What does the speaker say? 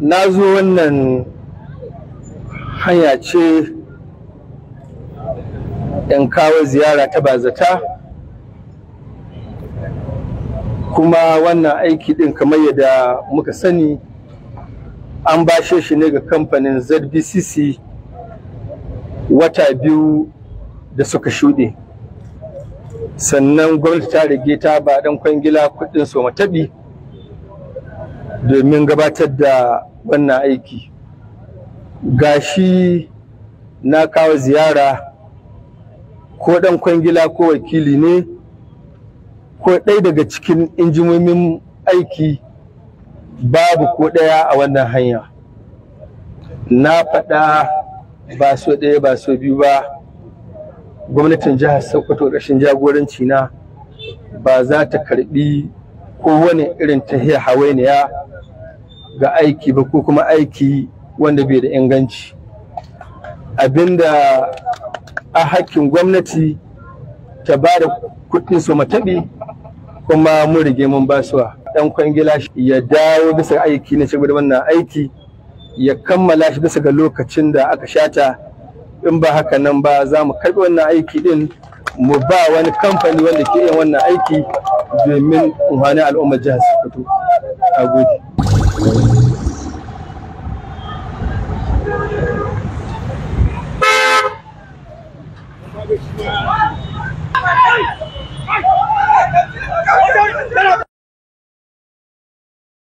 na zo wannan hanya ce in kawo ziyara ta bazata kuma wannan aiki ɗin kamar yadda muka sani an bashe shi ne ga kamfanin zbcc wata biyu da suka shuɗe sannan gwamnati ta rage ta ba dan kwangila kudin soma matabi domin gabatar da wannan aiki gashi na kawo ziyara ko dan kwangila ko wakili ne ko ɗaya daga cikin injimomin aiki babu ko ɗaya a wannan hanya na faɗa ba so ɗaya ba so biyu ba gwamnatin jihar sokoto rashin jagoranci na ba za ta karbi kowane irin tahiya hawainiya ga aiki ba ko kuma aiki wanda bai da inganci abinda a hakkin gwamnati ta ba da kudin su matabi, kuma mun rige mun basuwa dan kwangila ya dawo bisa aiki na cigaba da wannan aiki ya kammala shi bisa ga lokacin da aka shata in ba haka nan ba za mu karɓi wannan aiki din mu ba wani kamfani wanda ke yin wannan aiki domin unhani al'ummar jihar Sokoto a gode